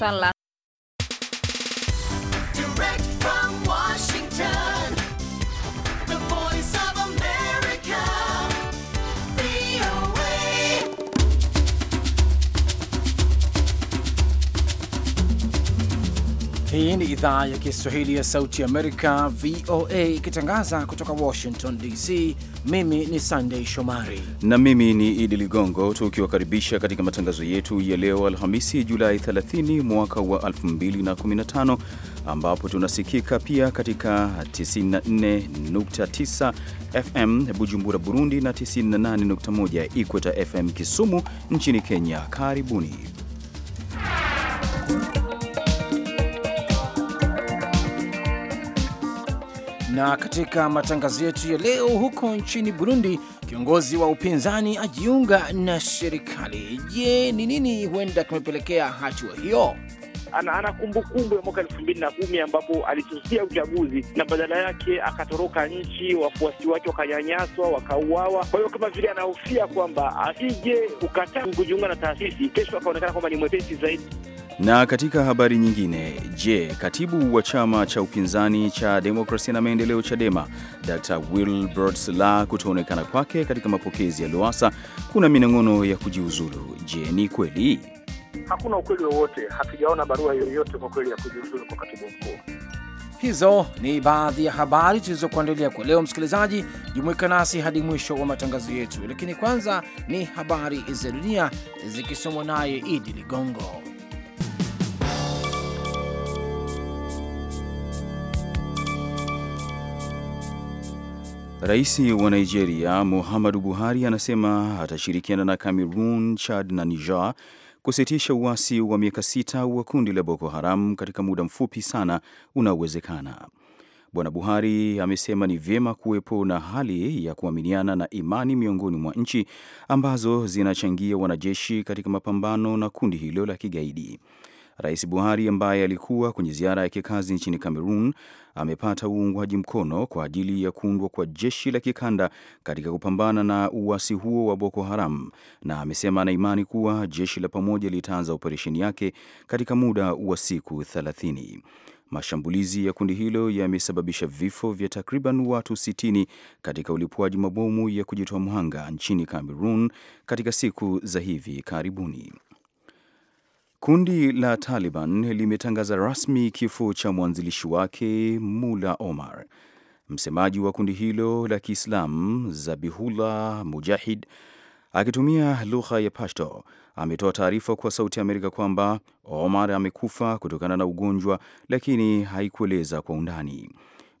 Tá Direct from Washington. Hii ni idhaa ya Kiswahili ya Sauti Amerika, VOA, ikitangaza kutoka Washington DC. Mimi ni Sandei Shomari na mimi ni Idi Ligongo, tukiwakaribisha katika matangazo yetu ya leo Alhamisi, Julai 30 mwaka wa 2015 ambapo tunasikika pia katika 94.9 FM Bujumbura, Burundi na 98.1 Ikweta FM Kisumu nchini Kenya. Karibuni Na katika matangazo yetu ya leo, huko nchini Burundi, kiongozi wa upinzani ajiunga na serikali. Je, ni nini huenda kimepelekea hatua hiyo? Ana, ana kumbukumbu ya mwaka elfu mbili na kumi ambapo alisusia uchaguzi na badala yake akatoroka nchi, wafuasi wake wakanyanyaswa, wakauawa. Kwa hiyo kama vile anahofia kwamba asije ukataa kujiunga na taasisi, kesho akaonekana kwamba ni mwepesi zaidi. Na katika habari nyingine, je, katibu wa chama cha upinzani cha demokrasia na maendeleo Chadema Dr Wilbrod Slaa kutoonekana kwake katika mapokezi ya Lowassa kuna minong'ono ya kujiuzulu. Je, ni kweli? Hakuna ukweli wowote, hatujaona barua yoyote kwa kweli ya kujiuzulu kwa katibu mkuu. Hizo ni baadhi ya habari tulizokuandalia kwa leo. Msikilizaji, jumuika nasi hadi mwisho wa matangazo yetu, lakini kwanza ni habari za dunia zikisomwa naye Idi Ligongo. Rais wa Nigeria Muhammadu Buhari anasema atashirikiana na Cameroon, Chad na Niger kusitisha uasi wa miaka sita wa kundi la Boko Haram katika muda mfupi sana unaowezekana. Bwana Buhari amesema ni vyema kuwepo na hali ya kuaminiana na imani miongoni mwa nchi ambazo zinachangia wanajeshi katika mapambano na kundi hilo la kigaidi. Rais Buhari ambaye alikuwa kwenye ziara ya kikazi nchini cameron amepata uungwaji mkono kwa ajili ya kuundwa kwa jeshi la kikanda katika kupambana na uasi huo wa Boko Haram, na amesema ana imani kuwa jeshi la pamoja litaanza operesheni yake katika muda wa siku 30. Mashambulizi ya kundi hilo yamesababisha vifo vya takriban watu 60 katika ulipuaji mabomu ya kujitoa mhanga nchini Cameroon katika siku za hivi karibuni. Kundi la Taliban limetangaza rasmi kifo cha mwanzilishi wake Mula Omar. Msemaji wa kundi hilo la Kiislamu Zabihullah Mujahid akitumia lugha ya Pashto ametoa taarifa kwa Sauti ya Amerika kwamba Omar amekufa kutokana na ugonjwa, lakini haikueleza kwa undani.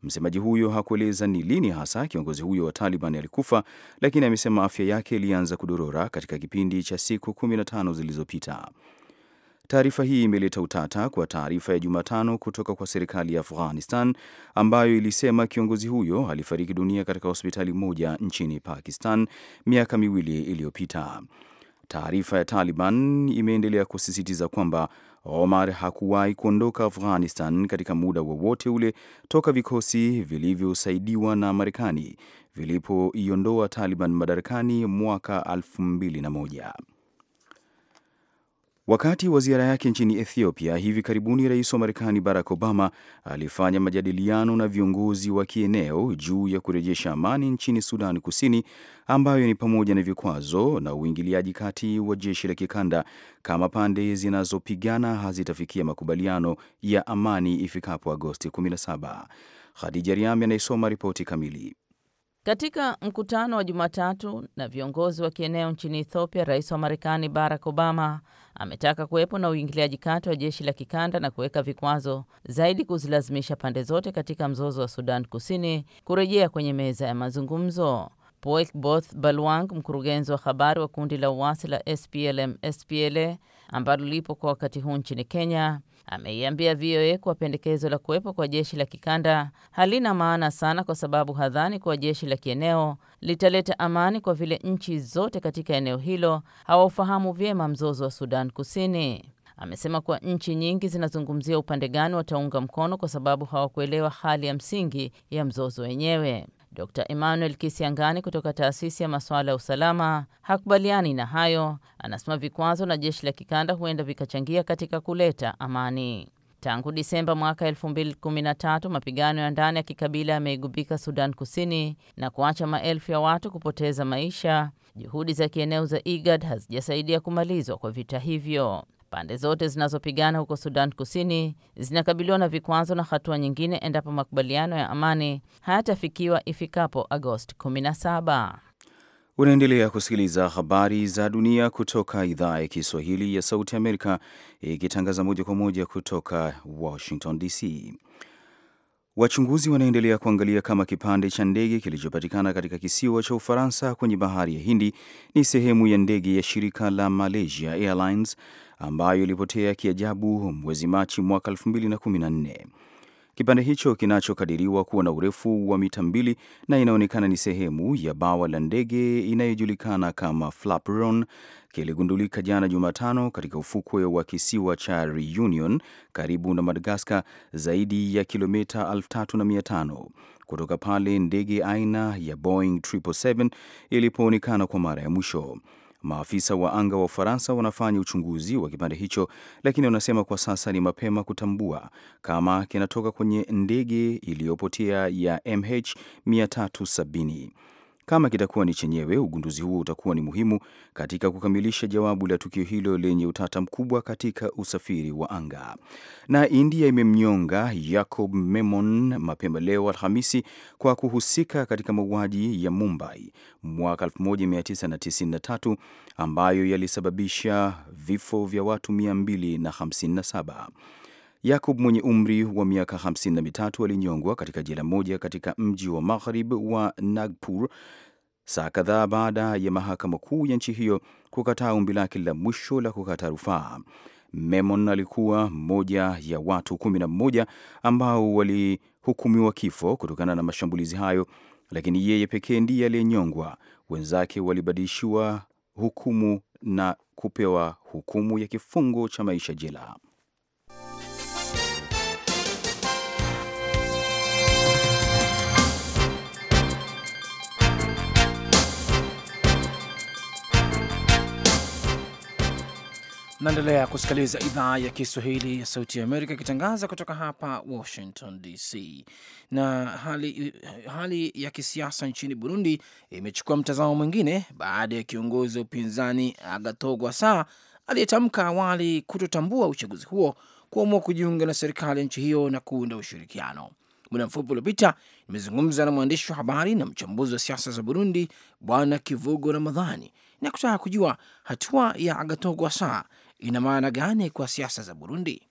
Msemaji huyo hakueleza ni lini hasa kiongozi huyo wa Taliban alikufa, lakini amesema afya yake ilianza kudorora katika kipindi cha siku 15 zilizopita. Taarifa hii imeleta utata kwa taarifa ya Jumatano kutoka kwa serikali ya Afghanistan ambayo ilisema kiongozi huyo alifariki dunia katika hospitali moja nchini Pakistan miaka miwili iliyopita. Taarifa ya Taliban imeendelea kusisitiza kwamba Omar hakuwahi kuondoka Afghanistan katika muda wowote ule toka vikosi vilivyosaidiwa na Marekani vilipoiondoa Taliban madarakani mwaka 2001. Wakati wa ziara yake nchini Ethiopia hivi karibuni, rais wa Marekani Barack Obama alifanya majadiliano na viongozi wa kieneo juu ya kurejesha amani nchini Sudan Kusini, ambayo ni pamoja na vikwazo na uingiliaji kati wa jeshi la kikanda kama pande zinazopigana hazitafikia makubaliano ya amani ifikapo Agosti 17. Khadija Riami anaisoma ripoti kamili. Katika mkutano wa Jumatatu na viongozi wa kieneo nchini Ethiopia, rais wa Marekani Barack Obama ametaka kuwepo na uingiliaji kati wa jeshi la kikanda na kuweka vikwazo zaidi kuzilazimisha pande zote katika mzozo wa Sudan Kusini kurejea kwenye meza ya mazungumzo. Both Balwang, mkurugenzi wa habari wa kundi la uasi la SPLM SPLA ambalo lipo kwa wakati huu nchini Kenya, Ameiambia VOA kuwa pendekezo la kuwepo kwa jeshi la kikanda halina maana sana kwa sababu hadhani kuwa jeshi la kieneo litaleta amani kwa vile nchi zote katika eneo hilo hawaufahamu vyema mzozo wa Sudan Kusini. Amesema kuwa nchi nyingi zinazungumzia upande gani wataunga mkono kwa sababu hawakuelewa hali ya msingi ya mzozo wenyewe. Dr. Emmanuel Kisiangani kutoka taasisi ya masuala ya usalama hakubaliani na hayo. Anasema vikwazo na jeshi la kikanda huenda vikachangia katika kuleta amani. Tangu Disemba mwaka 2013 mapigano ya ndani ya kikabila yameigubika Sudan Kusini na kuacha maelfu ya watu kupoteza maisha. Juhudi za kieneo za IGAD hazijasaidia kumalizwa kwa vita hivyo. Pande zote zinazopigana huko Sudan Kusini zinakabiliwa na vikwazo na hatua nyingine endapo makubaliano ya amani hayatafikiwa ifikapo Agosti 17. Unaendelea kusikiliza habari za dunia kutoka idhaa ya Kiswahili ya Sauti Amerika ikitangaza moja kwa moja kutoka Washington DC. Wachunguzi wanaendelea kuangalia kama kipande cha ndege kilichopatikana katika kisiwa cha Ufaransa kwenye bahari ya Hindi ni sehemu ya ndege ya shirika la Malaysia Airlines ambayo ilipotea kiajabu mwezi Machi mwaka 2014. Kipande hicho kinachokadiriwa kuwa na urefu wa mita mbili na inaonekana ni sehemu ya bawa la ndege inayojulikana kama Flapron kiligundulika jana Jumatano katika ufukwe wa kisiwa cha Reunion karibu na Madagaskar, zaidi ya kilomita 3500 kutoka pale ndege aina ya Boeing 777 ilipoonekana kwa mara ya mwisho. Maafisa wa anga wa Ufaransa wanafanya uchunguzi wa kipande hicho, lakini wanasema kwa sasa ni mapema kutambua kama kinatoka kwenye ndege iliyopotea ya MH370. Kama kitakuwa ni chenyewe, ugunduzi huo utakuwa ni muhimu katika kukamilisha jawabu la tukio hilo lenye utata mkubwa katika usafiri wa anga. Na India imemnyonga Jacob Memon mapema leo Alhamisi kwa kuhusika katika mauaji ya Mumbai mwaka 1993 ambayo yalisababisha vifo vya watu 257. Yakub mwenye umri wa miaka 53 alinyongwa katika jela moja katika mji wa magharib wa Nagpur saa kadhaa baada ya mahakama kuu ya nchi hiyo kukataa ombi lake la mwisho la kukata rufaa. Memon alikuwa mmoja ya watu 11 na mmoja ambao walihukumiwa kifo kutokana na mashambulizi hayo, lakini yeye pekee ndiye aliyenyongwa. Wenzake walibadilishiwa hukumu na kupewa hukumu ya kifungo cha maisha jela. Naendelea kusikiliza idhaa ya Kiswahili ya Sauti ya Amerika ikitangaza kutoka hapa Washington DC. Na hali, hali ya kisiasa nchini Burundi imechukua mtazamo mwingine baada ya kiongozi wa upinzani Agathon Rwasa aliyetamka awali kutotambua uchaguzi huo kuamua kujiunga na serikali ya nchi hiyo na kuunda ushirikiano. Muda mfupi uliopita nimezungumza na mwandishi wa habari na mchambuzi wa siasa za Burundi Bwana Kivugo Ramadhani na kutaka kujua hatua ya Agathon Rwasa ina maana gani kwa siasa za Burundi?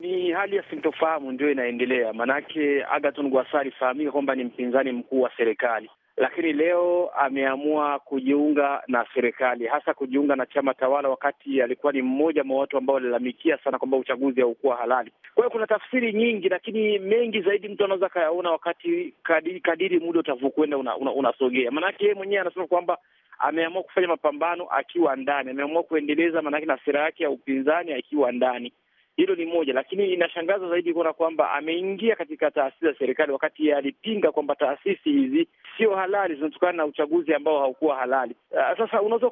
Ni hali ya sintofahamu ndio inaendelea, maanake agaton Gwasari alifahamika kwamba ni mpinzani mkuu wa serikali lakini leo ameamua kujiunga na serikali, hasa kujiunga na chama tawala, wakati alikuwa ni mmoja mwa watu ambao walilalamikia sana kwamba uchaguzi haukuwa halali. Kwa hiyo kuna tafsiri nyingi, lakini mengi zaidi mtu anaweza akayaona wakati kadiri, kadiri muda utavyokwenda unasogea, una, una maanake yeye mwenyewe anasema kwamba ameamua kufanya mapambano akiwa ndani, ameamua kuendeleza maanake na sera yake ya upinzani akiwa ndani. Hilo ni moja, lakini inashangaza zaidi kuona kwamba ameingia katika taasisi za serikali wakati alipinga kwamba taasisi hizi sio halali, zinatokana na uchaguzi ambao haukuwa halali. Uh, sasa unaweza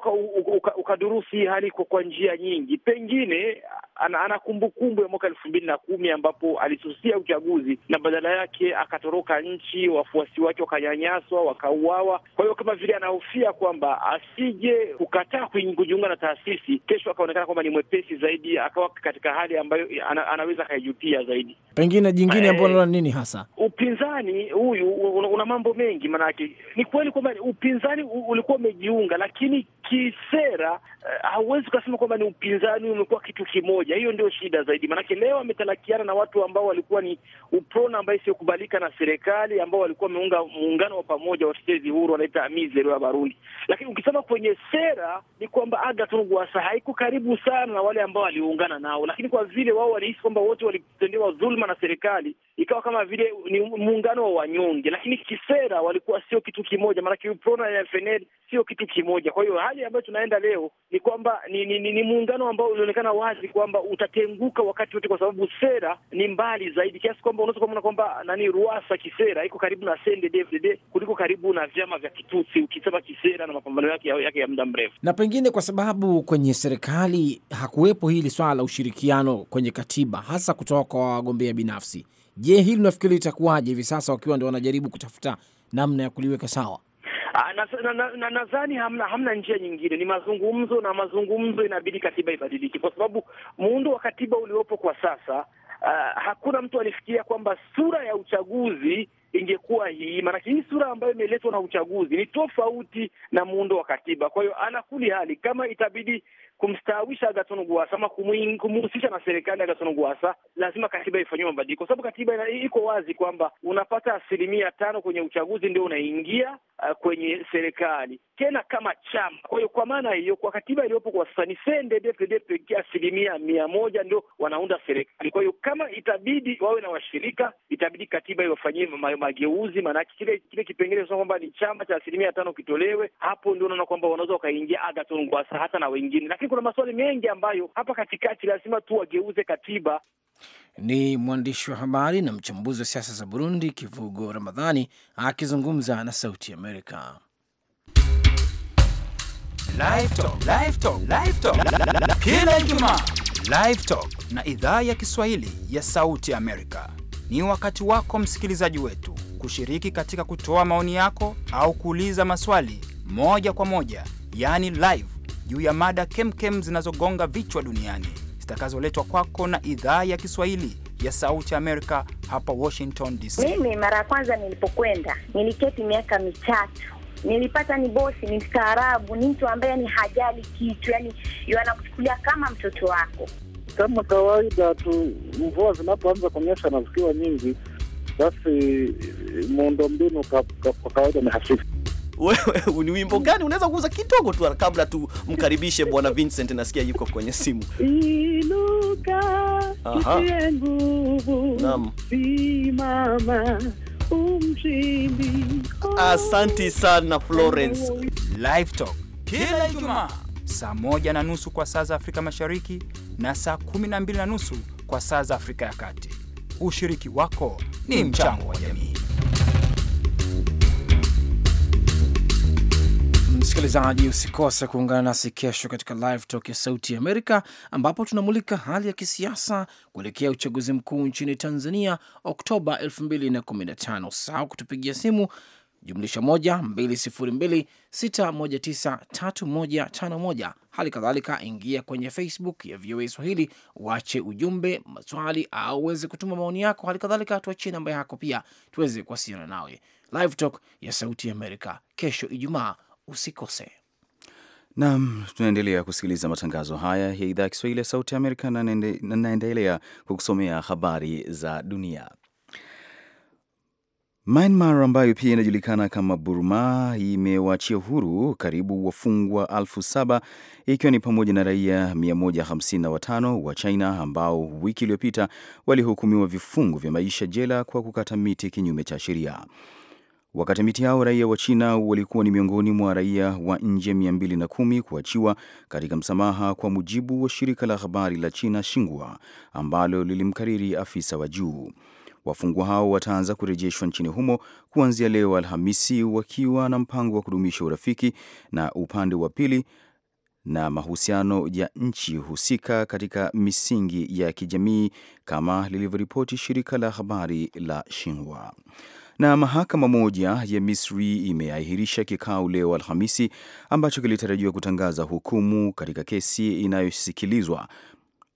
ukadurusi uka hali kwa njia nyingi. Pengine ana kumbukumbu ya mwaka elfu mbili na kumi ambapo alisusia uchaguzi na badala yake akatoroka nchi, wafuasi wake wakanyanyaswa, wakauawa. Kwa hiyo kama vile anahofia kwamba asije kukataa kujiunga na taasisi, kesho akaonekana kwamba ni mwepesi zaidi, akawa katika hali ambayo ambayo ana, anaweza akaijupia zaidi. Pengine jingine eh, ambao naona nini hasa upinzani huyu una, una mambo mengi. Maanake ni kweli kwamba upinzani ulikuwa umejiunga, lakini kisera eh, hauwezi uh, ukasema kwamba ni upinzani umekuwa kitu kimoja. Hiyo ndio shida zaidi, maanake leo ametalakiana na watu ambao walikuwa ni UPRONA ambayo isiyokubalika na serikali, ambao walikuwa wameunga muungano wa pamoja watetezi huru, wanaita AMIZERO ya Barundi. Lakini ukisema kwenye sera ni kwamba Agathon Rwasa haiko karibu sana na wale ambao waliungana nao, lakini kwa vile vile wao walihisi kwamba wote walitendewa dhulma na serikali, ikawa kama vile ni muungano wa wanyonge, lakini kisera walikuwa sio kitu kimoja, maanake UPRONA na FNL sio kitu kimoja. Kwa hiyo hali ambayo tunaenda leo ni kwamba ni, ni, ni, ni muungano ambao ulionekana wazi kwamba utatenguka wakati wote, kwa sababu sera ni mbali zaidi, kiasi kwamba unaweza kuona kwamba nani Ruasa kisera iko karibu na CNDD-FDD kuliko karibu na vyama vya Kitutsi, ukisema kisera na mapambano yake yake ya muda mrefu, na pengine kwa sababu kwenye serikali hakuwepo hili swala la ushirikiano kwenye katiba, hasa kutoka kwa wagombea binafsi. Je, hili nafikiri litakuwaje hivi sasa wakiwa ndio wanajaribu kutafuta namna ya kuliweka sawa? Ah, nadhani na, na, na, hamna hamna njia nyingine, ni mazungumzo, na mazungumzo inabidi katiba ibadiliki kwa sababu muundo wa katiba uliopo kwa sasa, uh, hakuna mtu alifikiria kwamba sura ya uchaguzi ingekuwa hii, maanake hii sura ambayo imeletwa na uchaguzi ni tofauti na muundo wa katiba. Kwa hiyo ala kuli hali, kama itabidi kumstaawisha Agathon Rwasa ama kumhusisha na serikali ya Agathon lazima katiba ifanyiwe mabadiliko, kwa sababu katiba iko wazi kwamba unapata asilimia tano kwenye uchaguzi ndio unaingia uh, kwenye serikali tena kama chama. Kwa hiyo kwa maana hiyo, kwa katiba iliyopo kwa sasa ni CNDD-FDD pekee asilimia mia moja ndio wanaunda serikali. Kwa hiyo kama itabidi wawe na washirika, itabidi katiba iwafanyie mageuzi, maanake kile kile kipengele sio kwamba ni chama cha asilimia tano kitolewe, hapo ndio unaona kwamba wanaweza wakaingia Agathon Rwasa hata na wengine, lakini kuna maswali mengi ambayo hapa katikati lazima tu wageuze katiba. Ni mwandishi wa habari na mchambuzi wa siasa za Burundi, Kivugo Ramadhani akizungumza na Sauti Amerika. Kila Ijumaa Live Talk na idhaa ya Kiswahili ya Sauti Amerika ni wakati wako msikilizaji wetu kushiriki katika kutoa maoni yako au kuuliza maswali moja kwa moja, yaani live, juu ya mada kemkem zinazogonga vichwa duniani zitakazoletwa kwako na idhaa ya Kiswahili ya Sauti Amerika hapa Washington DC. Mimi mara ya kwanza nilipokwenda niliketi miaka mitatu nilipata ni bosi, ni mstaarabu, ni mtu ambaye ni hajali kitu, yani yanakuchukulia kama mtoto wako kama kawaida tu, mvua zinapoanza kunyesha na zikiwa nyingi, basi eh, muundombinu kwa kawaida ni hafifu. Wewe ni wimbo gani unaweza kuuza kidogo tu kabla tumkaribishe Bwana Vincent, nasikia yuko kwenye simu. Inuka nguvu, simama umshindi. Asanti sana Florence. Live Talk kila Ijumaa saa moja na nusu kwa saa za Afrika Mashariki na saa kumi na mbili na nusu kwa saa za Afrika ya Kati. Ushiriki wako ni mchango wa jamii. Msikilizaji, usikose kuungana nasi kesho katika Live Talk ya Sauti ya Amerika, ambapo tunamulika hali ya kisiasa kuelekea uchaguzi mkuu nchini Tanzania Oktoba 2015. Usahau kutupigia simu jumlisha 12026193151. Hali kadhalika ingia kwenye Facebook ya VOA Swahili, wache ujumbe, maswali au uweze kutuma maoni yako. Hali kadhalika tuachie namba yako pia tuweze kuwasiliana nawe. Live Talk ya Sauti ya Amerika kesho Ijumaa, usikose. nam tunaendelea kusikiliza matangazo haya ya idhaa ya Kiswahili ya Sauti ya Amerika na naendelea kukusomea habari za dunia. Myanmar ambayo pia inajulikana kama Burma imewaachia huru karibu wafungwa elfu saba ikiwa ni pamoja na raia 155 wa China ambao wiki iliyopita walihukumiwa vifungo vya maisha jela kwa kukata miti kinyume cha sheria. Wakati miti hao raia wa China walikuwa ni miongoni mwa raia wa nje 210 kuachiwa katika msamaha, kwa mujibu wa shirika la habari la China Xinhua ambalo lilimkariri afisa wa juu. Wafungwa hao wataanza kurejeshwa nchini humo kuanzia leo Alhamisi, wakiwa na mpango wa kudumisha urafiki na upande wa pili na mahusiano ya nchi husika katika misingi ya kijamii kama lilivyoripoti shirika la habari la Shinhua. Na mahakama moja ya Misri imeahirisha kikao leo Alhamisi ambacho kilitarajiwa kutangaza hukumu katika kesi inayosikilizwa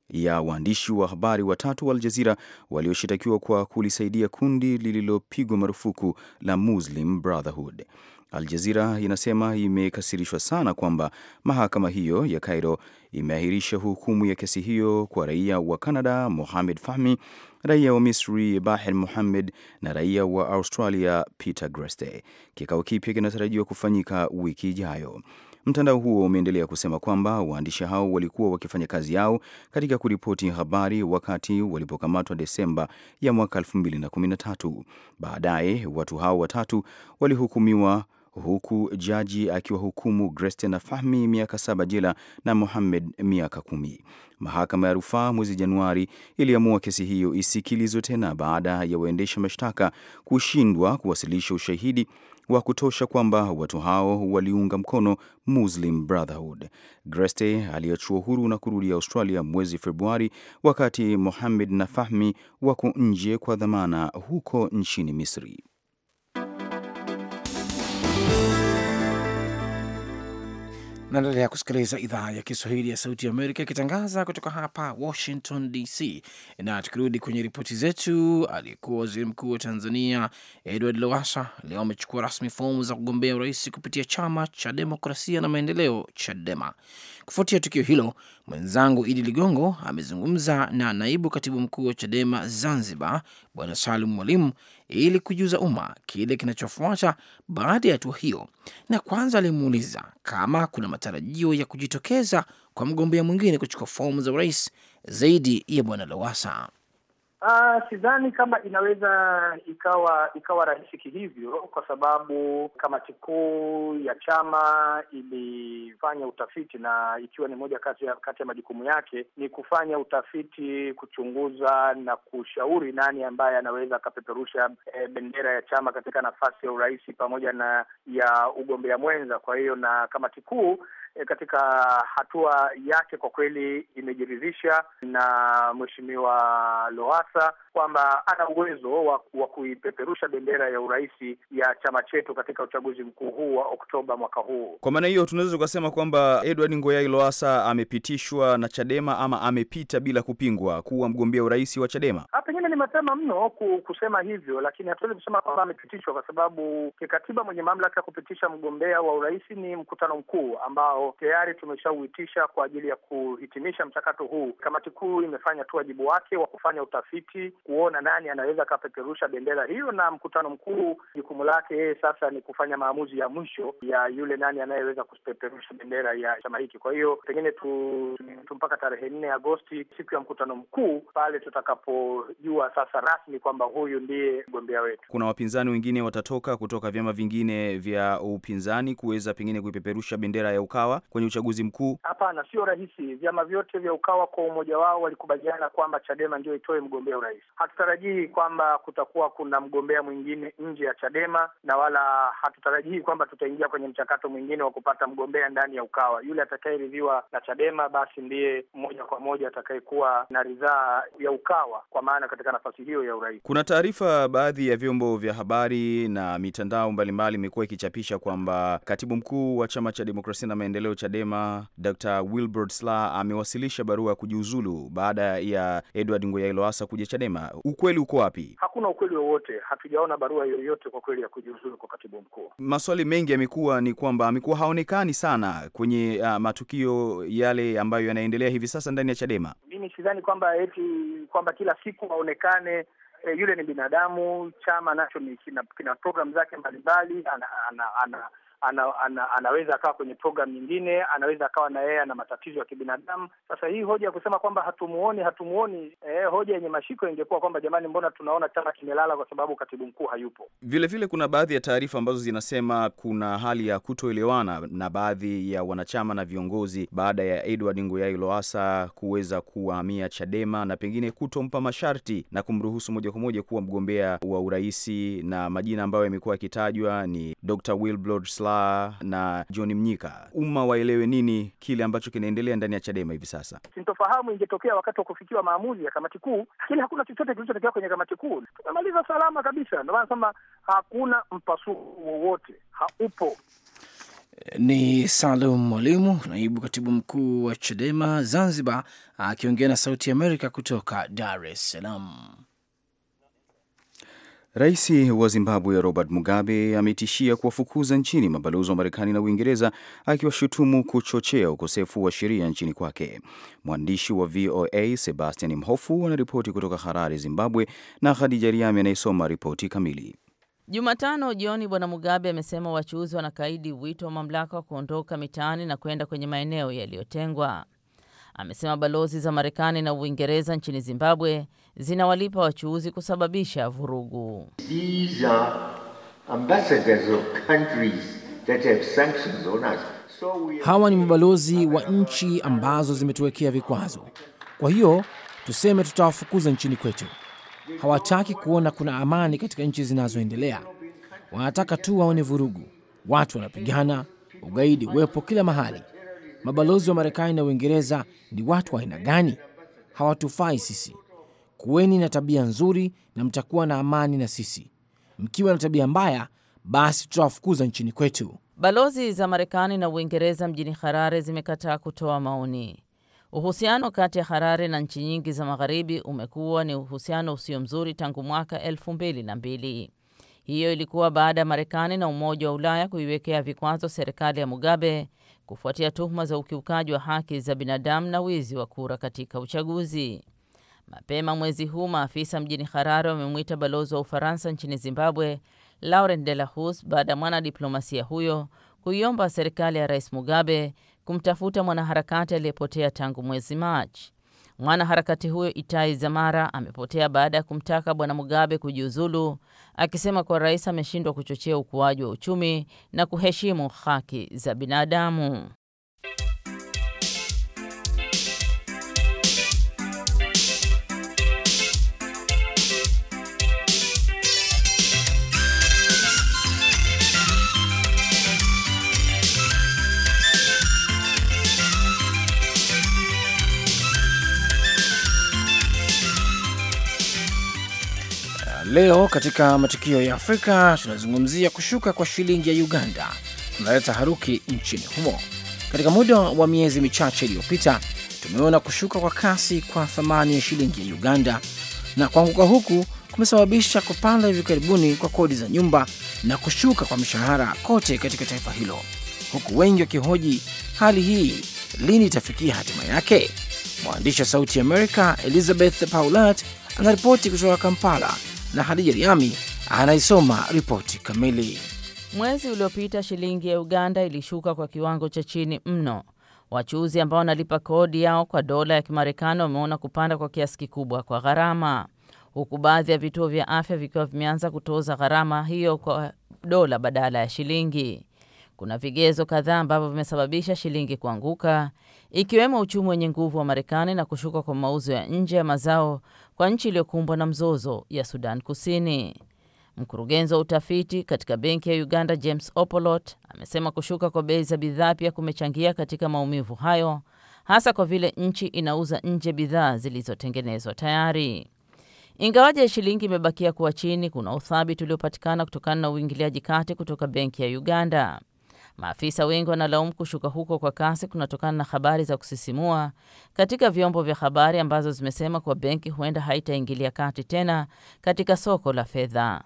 ya waandishi wa habari watatu wa Aljazira walioshitakiwa kwa kulisaidia kundi lililopigwa marufuku la Muslim Brotherhood. Aljazira inasema imekasirishwa sana kwamba mahakama hiyo ya Cairo imeahirisha hukumu ya kesi hiyo kwa raia wa Canada Mohamed Fahmi, raia wa Misri Baher muhammed na raia wa Australia Peter Greste. Kikao kipya kinatarajiwa kufanyika wiki ijayo. Mtandao huo umeendelea kusema kwamba waandishi hao walikuwa wakifanya kazi yao katika kuripoti habari wakati walipokamatwa Desemba ya mwaka 2013. Baadaye watu hao watatu walihukumiwa huku jaji akiwahukumu Gretchen Fahmi miaka saba jela na Mohamed miaka kumi. Mahakama ya rufaa mwezi Januari iliamua kesi hiyo isikilizwe tena baada ya waendesha mashtaka kushindwa kuwasilisha ushahidi wa kutosha kwamba watu hao waliunga mkono Muslim Brotherhood. Greste aliachua huru na kurudi Australia mwezi Februari, wakati Mohamed na Fahmi wako nje kwa dhamana huko nchini Misri. Naendelea kusikiliza idhaa ya Kiswahili ya Sauti ya Amerika ikitangaza kutoka hapa Washington DC. Na tukirudi kwenye ripoti zetu, aliyekuwa waziri mkuu wa Tanzania Edward Lowassa leo amechukua rasmi fomu za kugombea urais kupitia chama cha demokrasia na maendeleo, CHADEMA. Kufuatia tukio hilo, mwenzangu Idi Ligongo amezungumza na naibu katibu mkuu wa CHADEMA Zanzibar, Bwana Salum Mwalimu ili kujuza umma kile kinachofuata baada ya hatua hiyo, na kwanza alimuuliza kama kuna matarajio ya kujitokeza kwa mgombea mwingine kuchukua fomu za urais zaidi ya Bwana Lowasa. Uh, sidhani kama inaweza ikawa ikawa rahisi kihivyo, kwa sababu kamati kuu ya chama ilifanya utafiti na ikiwa ni moja kati ya kati ya majukumu yake ni kufanya utafiti, kuchunguza na kushauri nani ambaye anaweza akapeperusha e, bendera ya chama katika nafasi ya urais pamoja na ya ugombea mwenza. Kwa hiyo na kamati kuu e, katika hatua yake kwa kweli imejiridhisha na Mheshimiwa Lowassa kwamba ana uwezo wa kuipeperusha bendera ya urais ya chama chetu katika uchaguzi mkuu huu wa Oktoba mwaka huu. Kwa maana hiyo, tunaweza tukasema kwamba Edward Ngoyai Lowassa amepitishwa na Chadema ama amepita bila kupingwa kuwa mgombea urais wa Chadema. Ah, pengine ni mapema mno kusema hivyo, lakini hatuwezi kusema kwamba amepitishwa, kwa sababu kikatiba mwenye mamlaka ya kupitisha mgombea wa urais ni mkutano mkuu ambao tayari tumeshauitisha kwa ajili ya kuhitimisha mchakato huu. Kamati kuu imefanya tu wajibu wake wa kufanya utafiti kuona nani anaweza akapeperusha bendera hiyo, na mkutano mkuu jukumu lake yeye sasa ni kufanya maamuzi ya mwisho ya yule nani anayeweza kupeperusha bendera ya chama hiki. Kwa hiyo pengine tu, tu mpaka tarehe nne Agosti, siku ya mkutano mkuu, pale tutakapojua sasa rasmi kwamba huyu ndiye mgombea wetu. Kuna wapinzani wengine watatoka kutoka vyama vingine vya upinzani kuweza pengine kuipeperusha bendera ya UKAWA kwenye uchaguzi mkuu? Hapana, sio rahisi. Vyama vyote vya UKAWA kwa umoja wao walikubaliana kwamba CHADEMA ndio itoe mgombea urais hatutarajii kwamba kutakuwa kuna mgombea mwingine nje ya Chadema na wala hatutarajii kwamba tutaingia kwenye mchakato mwingine wa kupata mgombea ndani ya Ukawa. Yule atakayeridhiwa na Chadema basi ndiye moja kwa moja atakayekuwa na ridhaa ya Ukawa, kwa maana katika nafasi hiyo ya urais. Kuna taarifa, baadhi ya vyombo vya habari na mitandao mbalimbali imekuwa ikichapisha kwamba katibu mkuu wa chama cha demokrasia na maendeleo Chadema, Dr. Wilbrod Slaa amewasilisha barua ya kujiuzulu baada ya Edward Ngoyai Lowassa kuja Chadema. Chadema, ukweli uko wapi? Hakuna ukweli wowote, hatujaona barua yoyote kwa kweli ya kujiuzulu kwa katibu mkuu. Maswali mengi yamekuwa ni kwamba amekuwa haonekani sana kwenye uh, matukio yale ambayo yanaendelea hivi sasa ndani ya Chadema. Mimi sidhani kwamba eti kwamba kila siku aonekane. E, yule ni binadamu. Chama nacho ni kina, kina program zake mbalimbali, ana, ana, ana ana, ana, anaweza akawa kwenye programu nyingine, anaweza akawa na yeye ana matatizo ya kibinadamu. Sasa hii hoja ya kusema kwamba hatumuoni hatumuoni, eh, hoja yenye mashiko ingekuwa kwamba jamani, mbona tunaona chama kimelala kwa sababu katibu mkuu hayupo. Vilevile vile kuna baadhi ya taarifa ambazo zinasema kuna hali ya kutoelewana na baadhi ya wanachama na viongozi baada ya Edward nguyai loasa kuweza kuwahamia Chadema na pengine kutompa masharti na kumruhusu moja kwa moja kuwa mgombea wa uraisi na majina ambayo yamekuwa yakitajwa ni Dr. Wilbrod Slaa Mwamba na John Mnyika, umma waelewe nini kile ambacho kinaendelea ndani ya Chadema hivi sasa. Sintofahamu ingetokea wakati wa kufikiwa maamuzi ya kamati kuu, lakini hakuna chochote kilichotokea kwenye kamati kuu. Tumemaliza salama kabisa, ndio maana nasema hakuna mpasuko wowote, haupo. Ni Salum Mwalimu, naibu katibu mkuu wa Chadema Zanzibar, akiongea na Sauti ya Amerika kutoka Dar es Salaam. Rais wa Zimbabwe Robert Mugabe ametishia kuwafukuza nchini mabalozi wa Marekani na Uingereza akiwashutumu kuchochea ukosefu wa sheria nchini kwake. Mwandishi wa VOA Sebastian Mhofu anaripoti kutoka Harare, Zimbabwe, na Khadija Riami anayesoma ripoti kamili. Jumatano jioni, Bwana Mugabe amesema wachuuzi wanakaidi wito wa mamlaka wa kuondoka mitaani na kwenda kwenye maeneo yaliyotengwa. Amesema balozi za Marekani na Uingereza nchini Zimbabwe zinawalipa wachuuzi kusababisha vurugu. These are ambassadors of countries that have sanctions on us. So we are... hawa ni mabalozi wa nchi ambazo zimetuwekea vikwazo, kwa hiyo tuseme tutawafukuza nchini kwetu. Hawataki kuona kuna amani katika nchi zinazoendelea, wanataka tu waone vurugu, watu wanapigana, ugaidi uwepo kila mahali. Mabalozi wa Marekani na Uingereza ni watu wa aina gani? Hawatufai sisi. Kuweni na tabia nzuri na mtakuwa na amani na sisi. Mkiwa na tabia mbaya, basi tutawafukuza nchini kwetu. Balozi za Marekani na Uingereza mjini Harare zimekataa kutoa maoni. Uhusiano kati ya Harare na nchi nyingi za magharibi umekuwa ni uhusiano usio mzuri tangu mwaka elfu mbili na mbili. Hiyo ilikuwa baada ya Marekani na Umoja wa Ulaya kuiwekea vikwazo serikali ya Mugabe kufuatia tuhuma za ukiukaji wa haki za binadamu na wizi wa kura katika uchaguzi. Mapema mwezi huu maafisa mjini Harare wamemwita balozi wa Ufaransa nchini Zimbabwe Laurent Hus, baada ya mwanadiplomasia huyo kuiomba serikali ya Rais Mugabe kumtafuta mwanaharakati aliyepotea tangu mwezi Machi. Mwanaharakati huyo Itai Zamara amepotea baada ya kumtaka Bwana Mugabe kujiuzulu, akisema kuwa rais ameshindwa kuchochea ukuaji wa uchumi na kuheshimu haki za binadamu. Leo katika matukio ya Afrika tunazungumzia kushuka kwa shilingi ya Uganda kunaleta haruki nchini humo. Katika muda wa miezi michache iliyopita, tumeona kushuka kwa kasi kwa thamani ya shilingi ya Uganda, na kuanguka huku kumesababisha kupanda hivi karibuni kwa kodi za nyumba na kushuka kwa mishahara kote katika taifa hilo, huku wengi wakihoji hali hii lini itafikia hatima yake. Mwandishi wa Sauti ya Amerika Elizabeth Paulat anaripoti kutoka Kampala na Hadija Riami anaisoma ripoti kamili. Mwezi uliopita shilingi ya Uganda ilishuka kwa kiwango cha chini mno. Wachuuzi ambao wanalipa kodi yao kwa dola ya Kimarekani wameona kupanda kwa kiasi kikubwa kwa gharama, huku baadhi ya vituo vya afya vikiwa vimeanza kutoza gharama hiyo kwa dola badala ya shilingi. Kuna vigezo kadhaa ambavyo vimesababisha shilingi kuanguka, ikiwemo uchumi wenye nguvu wa Marekani na kushuka kwa mauzo ya nje ya mazao kwa nchi iliyokumbwa na mzozo ya Sudan Kusini. Mkurugenzi wa utafiti katika benki ya Uganda James Opolot amesema kushuka kwa bei za bidhaa pia kumechangia katika maumivu hayo, hasa kwa vile nchi inauza nje bidhaa zilizotengenezwa tayari. Ingawaje shilingi imebakia kuwa chini, kuna uthabiti uliopatikana kutokana na uingiliaji kati kutoka benki ya Uganda. Maafisa wengi wanalaumu kushuka huko kwa kasi kunatokana na habari za kusisimua katika vyombo vya habari ambazo zimesema kuwa benki huenda haitaingilia kati tena katika soko la fedha.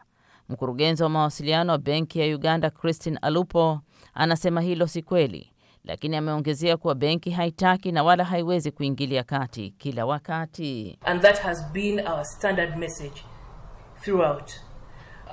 Mkurugenzi wa mawasiliano wa benki ya Uganda, Christine Alupo, anasema hilo si kweli, lakini ameongezea kuwa benki haitaki na wala haiwezi kuingilia kati kila wakati. And that has been our standard message throughout.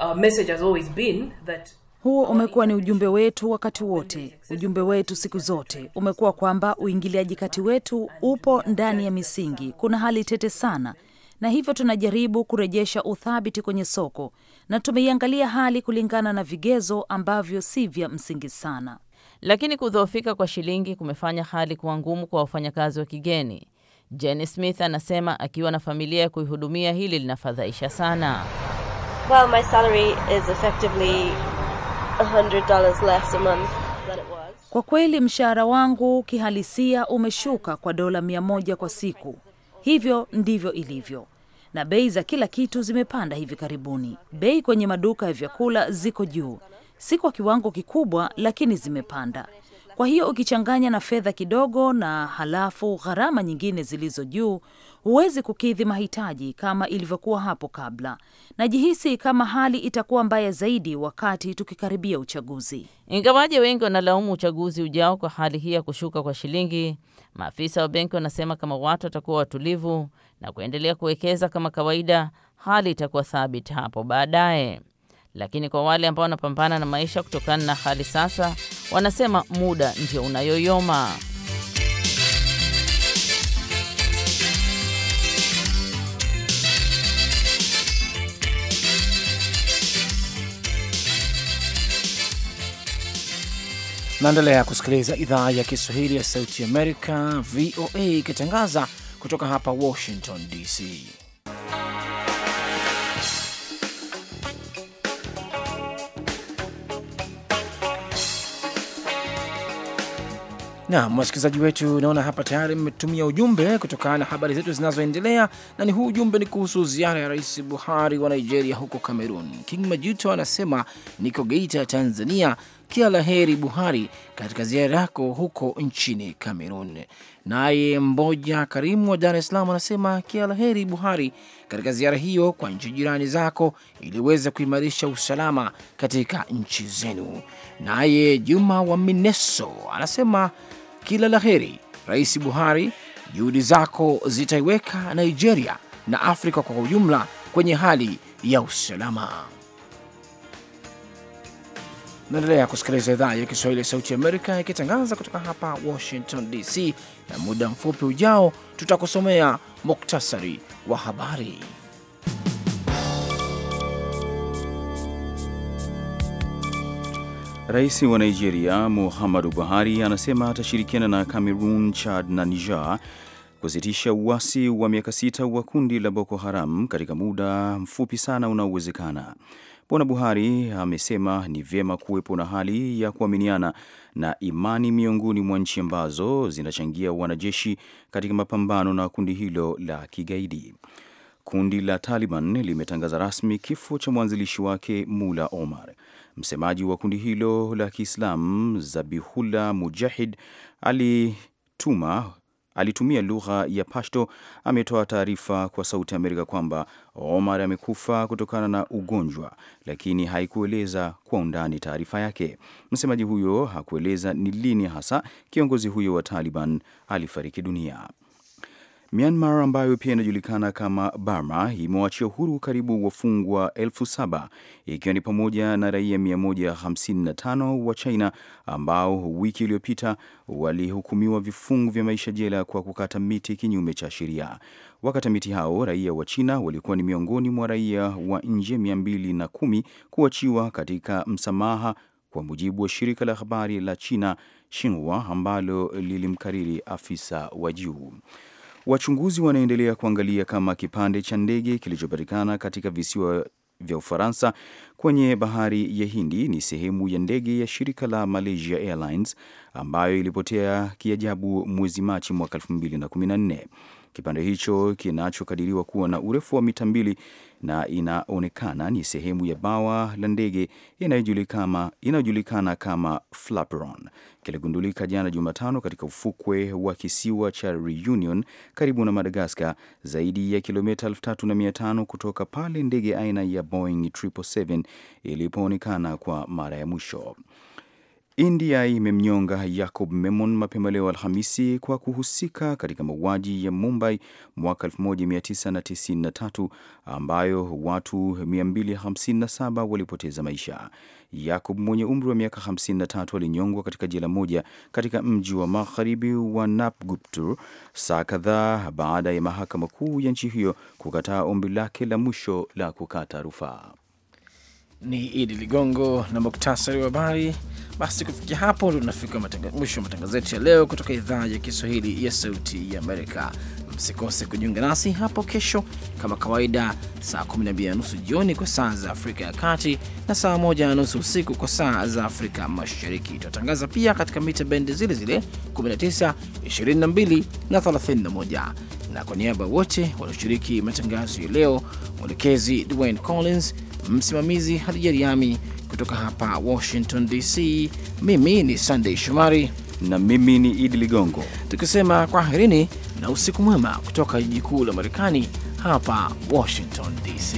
Our message has always been that huu umekuwa ni ujumbe wetu wakati wote, ujumbe wetu siku zote umekuwa kwamba uingiliaji kati wetu upo ndani ya misingi. Kuna hali tete sana, na hivyo tunajaribu kurejesha uthabiti kwenye soko, na tumeiangalia hali kulingana na vigezo ambavyo si vya msingi sana. Lakini kudhoofika kwa shilingi kumefanya hali kuwa ngumu kwa wafanyakazi wa kigeni. Jenny Smith anasema akiwa na familia ya kuihudumia, hili linafadhaisha sana. Well, my salary is effectively $100 less a month than it was. Kwa kweli mshahara wangu kihalisia umeshuka kwa dola mia moja kwa siku. Hivyo ndivyo ilivyo na bei za kila kitu zimepanda hivi karibuni. Bei kwenye maduka ya vyakula ziko juu, si kwa kiwango kikubwa, lakini zimepanda. Kwa hiyo ukichanganya na fedha kidogo na halafu gharama nyingine zilizo juu, huwezi kukidhi mahitaji kama ilivyokuwa hapo kabla. Najihisi kama hali itakuwa mbaya zaidi wakati tukikaribia uchaguzi. Ingawaje wengi wanalaumu uchaguzi ujao kwa hali hii ya kushuka kwa shilingi, maafisa wa benki wanasema kama watu watakuwa watulivu na kuendelea kuwekeza kama kawaida, hali itakuwa thabiti hapo baadaye. Lakini kwa wale ambao wanapambana na maisha kutokana na hali sasa, wanasema muda ndio unayoyoma. Naendelea kusikiliza idhaa ya Kiswahili ya Sauti Amerika, VOA, ikitangaza kutoka hapa Washington DC. Naam, wasikilizaji wetu, naona hapa tayari mmetumia ujumbe kutokana na habari zetu zinazoendelea, na ni huu ujumbe ni kuhusu ziara ya Rais Buhari wa Nigeria huko Cameroon. King Majuto anasema niko Geita ya Tanzania, kila la heri Buhari katika ziara yako huko nchini Cameroon. Naye Mboja Karimu wa Dar es Salaam anasema kila la heri Buhari katika ziara hiyo kwa nchi jirani zako ili kuimarisha usalama katika nchi zenu. Naye Juma wa Mineso anasema kila la heri Rais Buhari, juhudi zako zitaiweka Nigeria na Afrika kwa ujumla kwenye hali ya usalama. Naendelea kusikiliza idhaa ya Kiswahili ya Sauti Amerika ikitangaza kutoka hapa Washington DC, na muda mfupi ujao tutakusomea muktasari wa habari. Rais wa Nigeria Muhammadu Buhari anasema atashirikiana na Cameroon, Chad na Niger kusitisha uasi wa miaka sita wa kundi la Boko Haram katika muda mfupi sana unaowezekana. Bwana Buhari amesema ni vyema kuwepo na hali ya kuaminiana na imani miongoni mwa nchi ambazo zinachangia wanajeshi katika mapambano na kundi hilo la kigaidi. Kundi la Taliban limetangaza rasmi kifo cha mwanzilishi wake Mula Omar. Msemaji wa kundi hilo la Kiislamu Zabihullah Mujahid alituma alitumia lugha ya Pashto ametoa taarifa kwa Sauti Amerika kwamba Omar amekufa kutokana na ugonjwa, lakini haikueleza kwa undani taarifa yake. Msemaji huyo hakueleza ni lini hasa kiongozi huyo wa Taliban alifariki dunia. Myanmar ambayo pia inajulikana kama Burma imewachia huru karibu wafungwa elfu saba ikiwa ni pamoja na raia 155 wa China ambao wiki iliyopita walihukumiwa vifungu vya maisha jela kwa kukata miti kinyume cha sheria. Wakata miti hao raia wa China walikuwa ni miongoni mwa raia wa nje 210 kuachiwa katika msamaha kwa mujibu wa shirika la habari la China Xinhua ambalo lilimkariri afisa wa juu. Wachunguzi wanaendelea kuangalia kama kipande cha ndege kilichopatikana katika visiwa vya Ufaransa kwenye bahari ya Hindi ni sehemu ya ndege ya shirika la Malaysia Airlines ambayo ilipotea kiajabu mwezi Machi mwaka 2014. Kipande hicho kinachokadiriwa kuwa na urefu wa mita mbili na inaonekana ni sehemu ya bawa la ndege inayojulikana kama Flapperon kiligundulika jana Jumatano katika ufukwe wa kisiwa cha Reunion karibu na Madagaskar, zaidi ya kilomita 3500 kutoka pale ndege aina ya Boeing 777 ilipoonekana kwa mara ya mwisho. India imemnyonga Yacob Memon mapema leo Alhamisi kwa kuhusika katika mauaji ya Mumbai mwaka 1993 ambayo watu 257 walipoteza maisha. Yacob mwenye umri wa miaka 53 alinyongwa katika jela moja katika mji wa magharibi wa Nabguptur saa kadhaa baada ya mahakama kuu ya nchi hiyo kukataa ombi lake la mwisho la kukata rufaa ni Idi Ligongo na muktasari wa habari. Basi kufikia hapo ndo tunafika mwisho wa matangazo yetu ya leo kutoka idhaa ya Kiswahili ya Sauti ya Amerika. Msikose kujiunga nasi hapo kesho kama kawaida, saa 12 na nusu jioni kwa saa za Afrika ya Kati na saa 1 na nusu usiku kwa saa za Afrika Mashariki. tunatangaza pia katika mita bendi zile zile 19, 22 na 31. Na kwa niaba wote walioshiriki matangazo ya leo, mwelekezi Dwayne Collins msimamizi Hadija Riami kutoka hapa Washington DC. Mimi ni Sandey Shomari na mimi ni Idi Ligongo, tukisema kwaherini na usiku mwema kutoka jiji kuu la Marekani hapa Washington DC.